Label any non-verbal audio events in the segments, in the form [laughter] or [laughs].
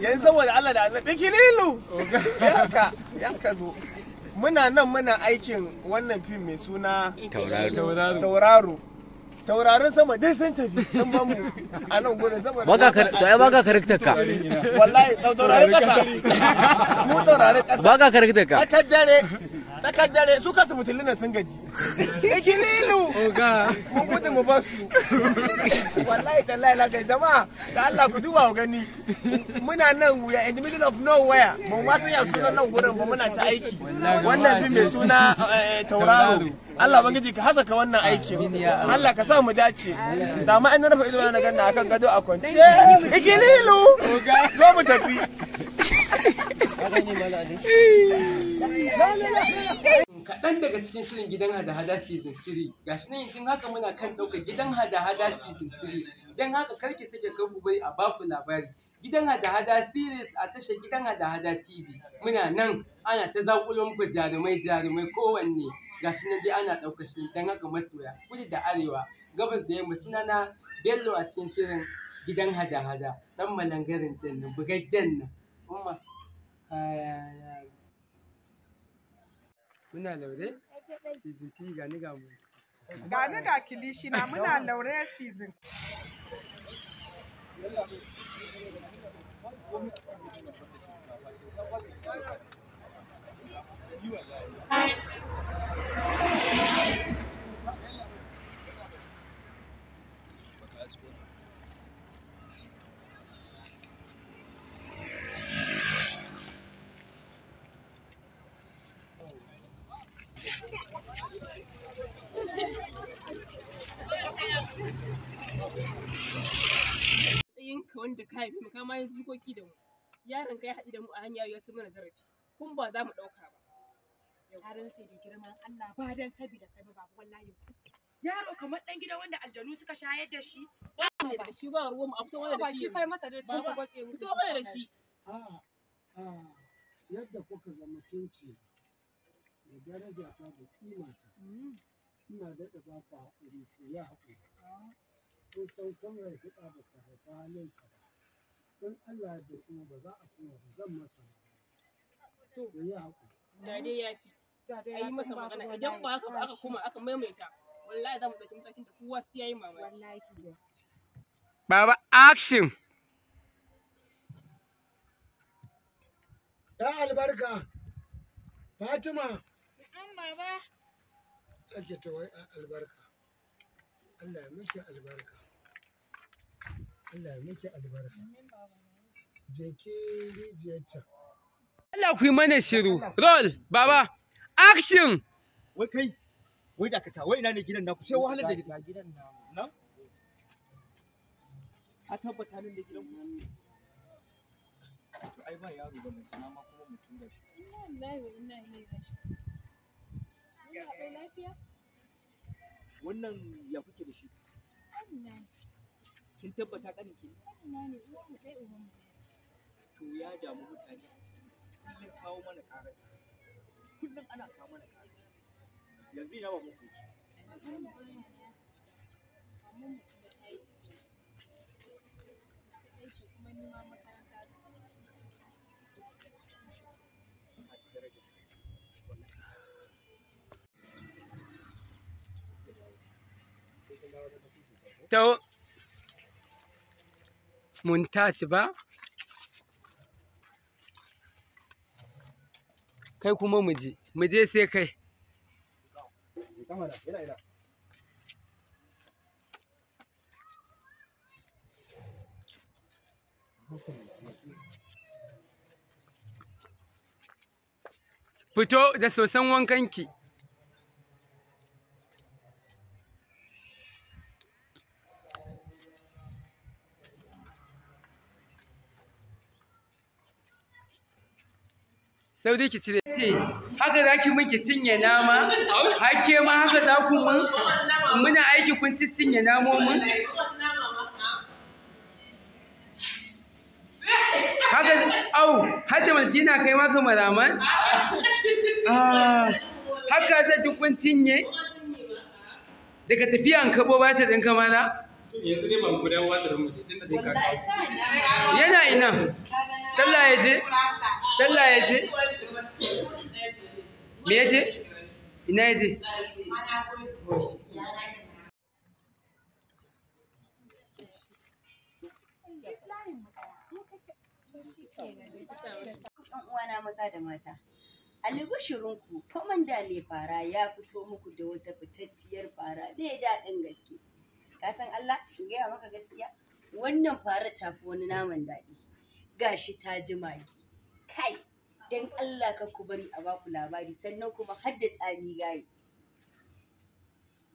yanzu saboda Allah da Allah annabi kililu yaka yaka zo muna nan muna aikin wannan fim mai suna tauraro Tauraro. tauraron sama dai sun tafi sun ba mu a nan gurin saboda baka to ai baka karakter ka wallahi tauraron kasa mu tauraron kasa baka karakter ka ta dare tsakar dare su kasu mutullin sun gaji ikililu mun gudu mu ba su wallahi tallahi la kai jama'a da Allah ku duba gani muna nan we in the middle of nowhere mun ma san ya sunan nan gurin ba muna ta aiki wannan fim mai suna eh, tauraro Allah gaji ka hasaka wannan aikin Allah ka sa mu dace da ma an rufe ido na ganna akan gado a kwance ikililu zo mu tafi kaɗan daga cikin shirin gidan hada-hada season 3 gashi nan yanzu haka muna kan ɗaukar gidan hada-hada season 3 don haka karki sake kanku bari a baku labari gidan hada-hada series a tashar gidan hada-hada tv muna nan ana ta zakulon ku jarumai jarumai kowanne gashi nan dai ana ɗaukar shirin don haka masoya kudu da arewa gabas da yamma na bello a cikin shirin gidan hada-hada ɗan malangarin din nan bugaggen nan Muna laure season 3 gani ga musu. Gani ga kilishi na muna laure season. wanda ka mu ka ma jikoki da mu yaron ka ya haɗu da mu a hanya ya ci mana zarafi kun ba za mu ɗauka ba yaron sai da girman Allah ba dan sabida kai ba babu wallahi yaro kamar dan gida wanda aljanu suka shayar da shi ba ne da shi ba ruwan mu a wanda mana da shi ba, kai masa da cin ba gwatse mu fito mana da shi a a yadda kuka ga mutunci da daraja ta da kima ta mm. ina daɗa ba ku haƙuri ku ya haƙuri وسوكم لي كتاب الصحيفة لي كتاب كل الله دكتور بذا أكون زم مثلا تو يا أكو دادي يا أي مثلا أنا أجمع أكو أكو كم أكو ما يميتا والله إذا مبتكم تكين تقوى سيئي ما والله كده بابا أكشن يا البركة فاطمة نعم بابا أجت وي البركة الله مشى البركة Allah miki albarka je ke Allah ku mana shiru roll baba action wai kai wai dakata wai ina ne gidan naku sai wahalar da ga gidan a tabbata nan da gidan ku ai ba yaro ba ma kuma mutum da shi wa inna ilaihi raji'un Allah lafiya wannan ya kuke da shi kin tabbata kanin ki kanina ne uwan dai mu to ya damu mutane kawo mana karasa ana kawo mana karasa yanzu ina ba to muntat ba kai kuma mu je mu je sai kai fito da sosan wankanki sau dai ki cire ce haka za ki min ki cinye nama Hake ma haka za ku mun? muna aiki kun ci cinye namomin haka au hata maltina kai ma ka maraman ah, haka za ki kun cinye daga tafiyan kabo ba ta dinka mana. yanzu tun da yana ina sallah ya je sallah ya je me ya je ina ya je uwana maza da mata albishirinku kwamanda mai fara ya fito muku da wata fitacciyar fara mai daɗin gaske ka san Allah in gaya maka gaskiya wannan fara ta fi wani naman daɗi gashi ta ji magi kai dan Allah ka ku bari a baku labari sannan kuma har da tsami gayi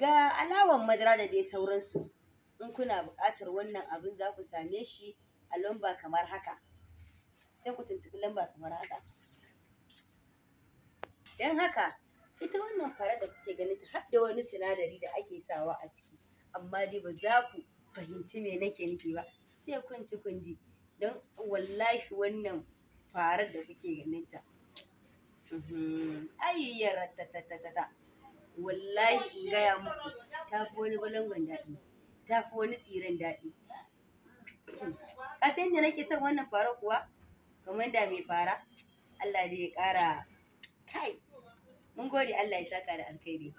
ga alawan madara da dai sauransu in kuna buƙatar wannan abin za ku same shi a lamba kamar haka sai ku tuntuɓi lamba kamar haka don haka ita wannan fara da kuke ganin ta har da wani sinadari da ake sawa a ciki amma dai ba za ku fahimci me nake nufi ba sai kun ci kun ji don wallahi wannan farar da kuke ganin ta uhm, ya ratatatata wallahi in gaya muku ta fi wani balangon daɗi ta fi wani tsiran daɗi kasan da nake son wannan fara kuwa kamar da mai fara Allah dai ya ƙara kai mun gode Allah ya saka da alkhairi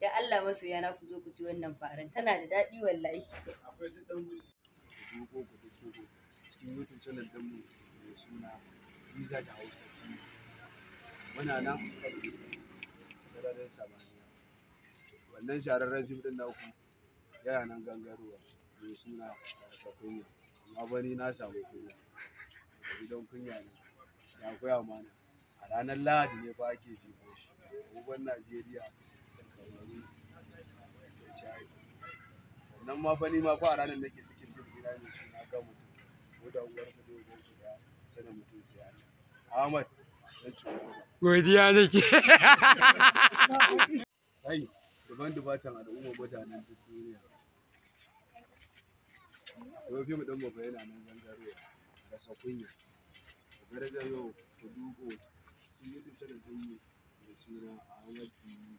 da Allah masoya na ku zo ku ci wannan faran tana da daɗi wallahi akwai su dan gudu ko ku da kiko cikin youtube channel din mu mai suna Visa da Hausa TV muna nan sararin samaniya wannan shahararren fim din naku yana nan gangarowa mai suna Hausa Kunya amma bani na samu kunya gidan kunya ne ya koya mana a ranar Lahadi ne fa ake jefo shi Najeriya Nan ma fa ni ma fa ranar nake sakin duk gida mai suna ga mutum ko da uwar ku da ku da sanin mutum sai Allah Ahmad dan ciwo godiya nake ai daban dubatan al'umma mutanen duk duniya yau fi mu dan mu yana nan gangaro da sakunya garga yau ku duko sun yi tsarin yi da suna Ahmad Dini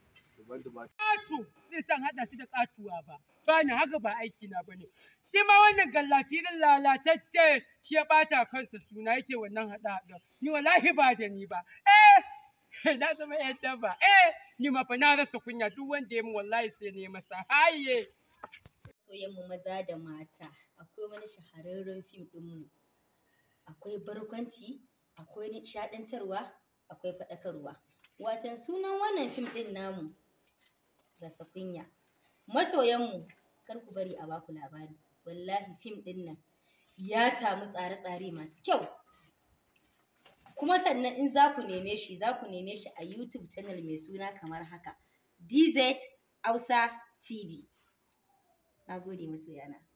Katu! zai san haɗa shi da ƙatuwa ba. Bani haka ba aiki na bane. Shi ma wannan gallafirin lalatacce shi ya ɓata kansa suna yake wannan haɗa haɗa. Ni wallahi ba da ni ba. Eh [laughs] na zama ƴan dabba. Eh ni ma fa na rasa kunya duk wanda ya mu wallahi sai ne masa. Haye. Soyayyen mu maza da mata akwai wani shahararren fim ɗinmu. Akwai barkwanci, akwai nishaɗantarwa, akwai faɗakarwa. Watan sunan wannan fim ɗin namu rasa kunya masoyanmu kar ku bari a baku labari wallahi fim ɗin nan ya samu tsare-tsare masu kyau kuma sannan in za ku neme shi za ku neme shi a youtube channel mai suna kamar haka dz hausa tv na gode masoyana